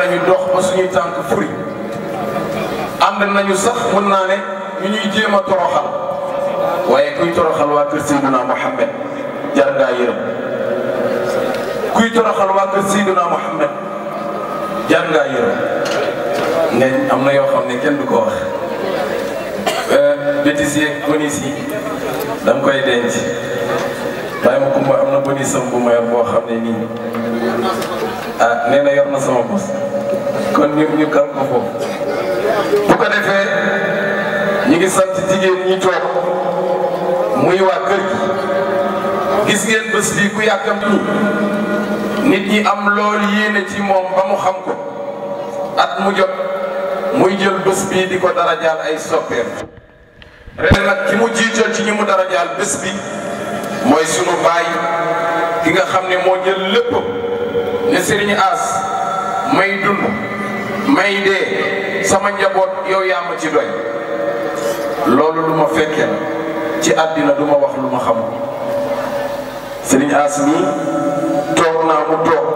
nañu dox ba suñuy tànk nañu sax mën naa ne ñu ñuy kuy toroxal waa kër kuy toroxal waa am na yoo xam ne kenn du ko wax bétis euh, yeeg bonis yi da koy denc bàyyi ma am na bonisam bu ma yor boo xam ne nii ah yor na sama bos kon ñun ñu kàr ko foofu bu ko defee ñu ngi sant jigéen ñi toog muy waa kër gis ngeen bés bi ku yàkkamtu nit ñi am lool yéene ci moom ba mu xam ko at mu jot muy jël bés bi di ko dara ay soppeem ren nag ki mu jiital ci ñi mu dara jaal bés bi mooy sunu baay ki nga xam ne moo jël lépp ne Serigne As may dund may dee sama njaboot yow yaa ci doy loolu lu ma fekkee ci àddina du wax lu ma xam sëriñ As nii toog naa mu toog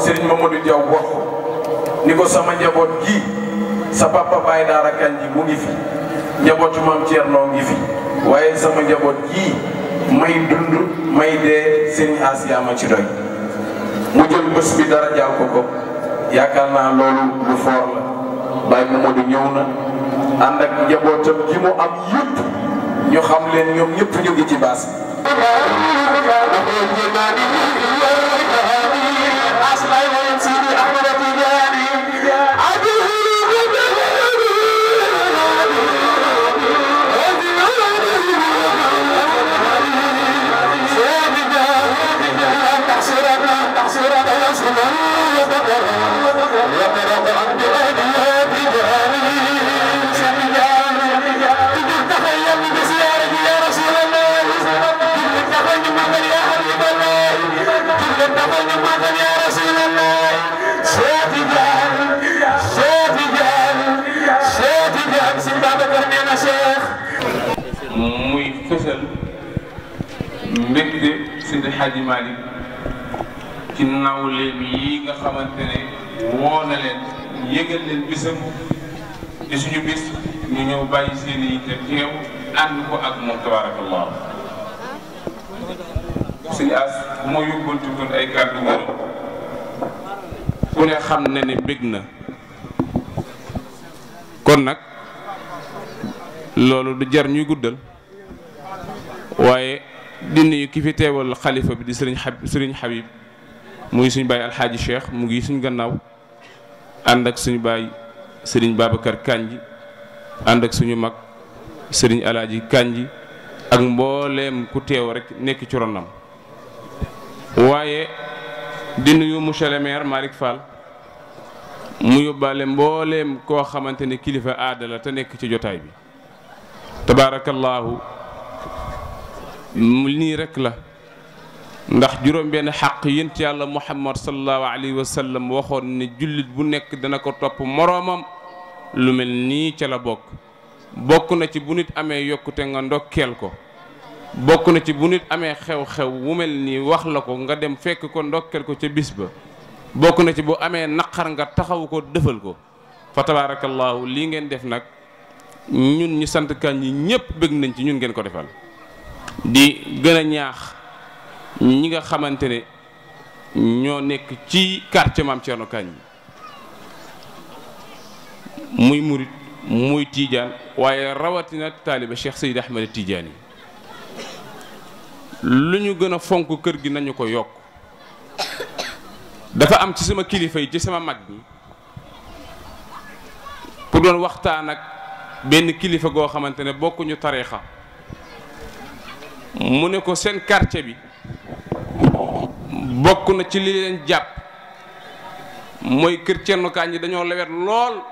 sëriñ Mamadou Diaw wax ni ko sama njaboot gii sa papa Baye Daara Kandji mu ngi fi njabootu maam noo ngi fi waaye sama njaboot gii may dund may dee sëriñ As ma ci doy mu jël bés bi dara jaal ko ko. yaakaar naa loolu lu foor la Baye Mamadou ñëw na ànd ak njabootam ji mu am yëpp ñu xam leen ñoom ñëpp ñu ci baas mbégte Seydi Hadji Malick ci nawleem yi nga xamante ne woo na leen yëgal leen bisam ci suñu bis ñu ñëw bàyyi seeni yitte teew ànd ko ak moom tabaarakallah Sëñ As bu yóbbantu kon ay kàddu ngërëm ku ne xam na ne bég na kon nag loolu du jar ñuy guddal waaye di nuyu ki fi teewal xalifa bi di sëriñ xab sëriñ Habib muy suñu baay alxaaji Cheikh mu ngi suñu gannaaw ànd ak suñu baay sëriñ Babacar Kanji ànd ak suñu mag sëriñ alaaji kànji ak mbooleem ku teew rek nekk ci ronam waaye di nuyu monsieur le maire mu yóbbaale mbooleem koo xamante ni kilifa aadala la te nekk ci jotaay bi tabaarakallaahu nii rekk la ndax juróom-benn xàq yent yàlla muhammad sallallahu alayhi wa sallam waxoon ne jullit bu nekk dana ko topp moroomam lu mel nii ca la bokk bokk na ci bu nit amee yokkute nga ndokkeel ko bokk na ci bu nit amee xew-xew wu mel nii wax la ko nga dem fekk ko ndokkeel ko ca bis ba bokk na ci bu amee naqar nga taxaw ko defal ko fa tabaarakallaahu lii ngeen def nag ñun ñu sant kañ yi ñëpp bëgg nañ ci ñun ngeen ko defal di gën a ñaax ñi nga xamante ne ñoo nekk ci quartier maam Thierno Kandji muy murit muy tiijaan waaye rawatina taaliba Cheikh Seyd Ahmed Tidiane yi lu ñu gën a fonk kër gi nañu ko yokk dafa am ci sama kilifa yi ci sama mag bi pour doon waxtaan ak benn kilifa goo xamante ne bokkuñu tariixa mu ne ko seen quartier bi bokk na ci li leen jàpp mooy kër cernukaan yi dañoo lewet lool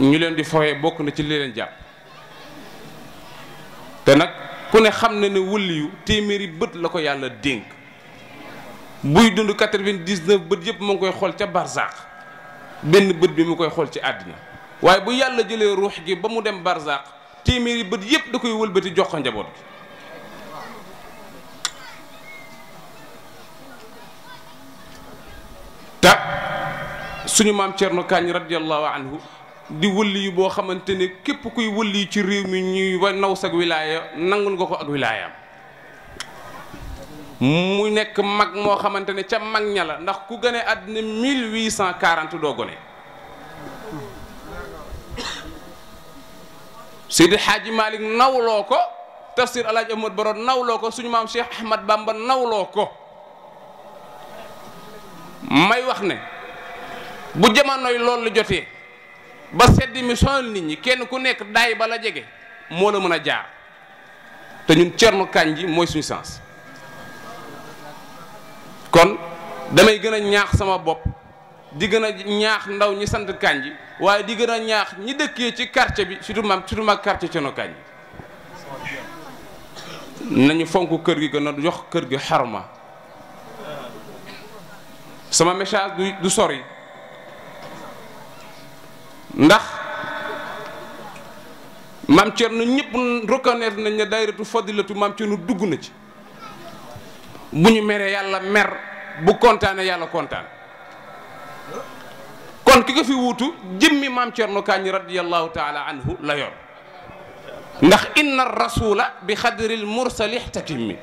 ñu leen di fawee bokk na ci li leen jàpp te nag ku ne xam na ne wulliyu téeméeri bët la ko yàlla dénk buy dund quatre-vingt-dix-neuf bët yëpp mu ngi koy xool ca barzaq benn bët bi mu koy xool ci àddina waaye bu yàlla jëlee ruux gi ba mu dem barzaq téeméeri bët yëpp da koy wëlbati jox ko njaboot gi suñu maam Thierno Kañ radiyallahu di wëlli boo xamante ne képp kuy wëlli ci réew mi ñuy wa naw sag wilaaya nangu nga ko ak wilaayaam mu nekk mag moo xamante ne ca mag ña la ndax ku gane àddina 1840 doo gone Seydi Xaaji Malick nawloo ko tafsir Alaaji Ahmad Baro nawloo ko suñu maam Cheikh Ahmad Bamba nawloo ko may wax ne bu jamonoy loolu jotee ba sedd mi sonal nit ñi kenn ku nekk daay ba la jege moo la mën a jaar te ñun Thierno Kandji mooy suñu sens kon damay gën a ñaax sama bopp di gën a ñaax ndaw ñi sant Kandji waaye di gën a ñaax ñi dëkkee ci quartier bi su maam surtout ma quartier Thierno Kandji nañu fonk kër gi gën a jox kër gi xarma sama message du sori. ndax maam na ñépp reconnaître nañ ne dayratu fadilatu maam Thierno dugg na ci bu ñu meree yàlla mer bu kontaane yàlla kontaan kon ki ko fi wuutu jëmmi maam Thierno Kandji radiyallahu taala anhu la yor ndax inna rasula bi xadril mursal ixtatim mi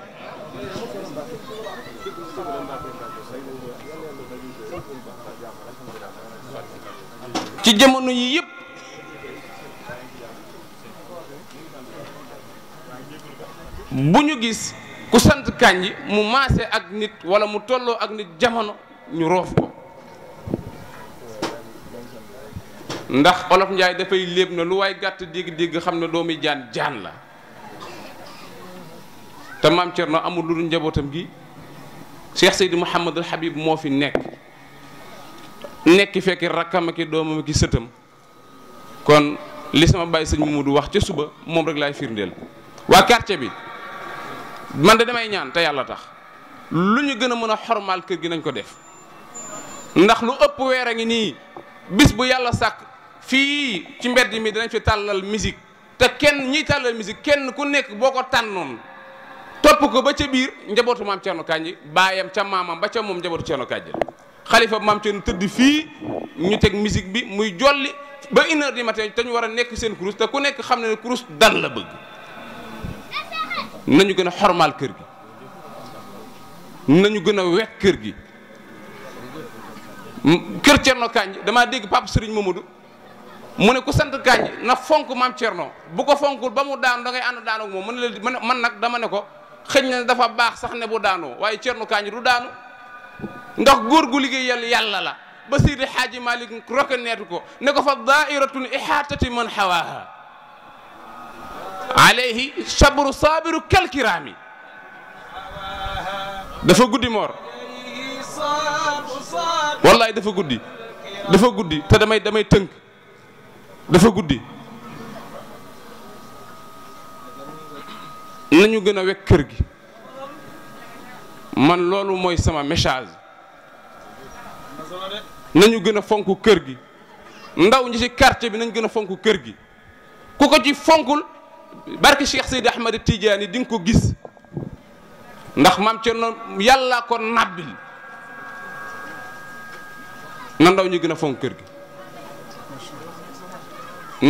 ci jamono yii yëpp bu ñu gis ku sant Kànji mu maase ak nit wala mu tolloo ak nit jamono ñu roof ko ndax olof njaay dafay léeb na lu waaye gàtt dégg-dégg xam ne doomi jaan jaan la te maam na amul lu dul njabootam gi Cheikh Seydi Mouhamadul Habib moo fi nekk nekki fekki rakkam ak i doomam ak i sëtam kon li sama bàyyi sëñ Mamadou wax ca suba moom rek laay firndeel waa quartier bi man de damay ñaan te yàlla tax lu ñu gën a mën a xormaal kër gi nañ ko def ndax lu ëpp weer a ngi nii bis bu yàlla sàkk fii ci mbedd mi dinañ fi tàllal musique te kenn ñiy tàllal musique kenn ku nekk boo ko tànnoon topp ko ba ca biir njabootu maam Thierno Kandji baayam ca maamam ba ca moom njabootu ceenu Kandji xalifa maam Thierno tëdd fii ñu teg musique bi muy jolli ba une heure du matin te ñu war a nekk seen kurus te ku nekk xam ne ne kurus la bëgg nañu gën a xormaal kër gi nañu gën a wekk kër gi kër Thierno Kandji damaa dégg Pape Serigne Mamadou mu ne ku sant Kandji na fonk maam Thierno bu ko fonkul ba mu daanu da ngay ànd daanu ak moom mën la man nag dama ne ko xëñ na dafa baax sax ne bu daanoo waaye Thierno Kandji du daanu ndax góor gu liggéeyal yàlla la ba Seydi Xaaji Malik neetu ko ne ko fa dairatun ihaatati man xawaaha alayhi sabru saabiru kalkiraami dafa guddi moor wallaay dafa guddi dafa guddi te damay damay tënk dafa guddi nañu gën a wekk kër gi man loolu mooy sama message nañu gën a fonk kër gi ndaw ñi ci quartier bi nañ gën a fonk kër gi ku ko ci fonkul barki Cheikh Seydi Ahmed Tidiane di nga ko gis ndax maam Cerno yàllaa ko nàbbil na ndaw ñi gën a fonk kër gi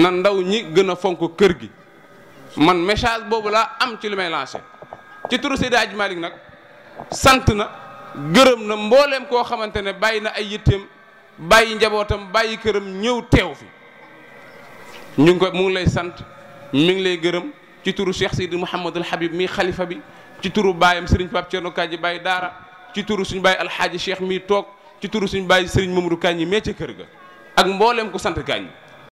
na ndaw ñi gën a fonk kër gi man message boobu laa am ci li may lancé ci turu Seydi Hadji nag sant na gërëm na mbooleem koo xamante ne bàyyi na ay yitteem bàyyi njabootam bàyyi këram ñëw teew fi ñu ngi ko mu ngi lay sant mu ngi lay gërëm ci turu Cheikh Sidi Mouhamadul Habib mi xalifa bi ci turu baayam Serigne Pape Thierno Kadji bàyyi Daara ci turu suñu baay alxaaji Cheikh mi toog ci turu suñu baay Serigne Mamadou Kandji mee ca kër ga ak mbooleem ko sant Kandji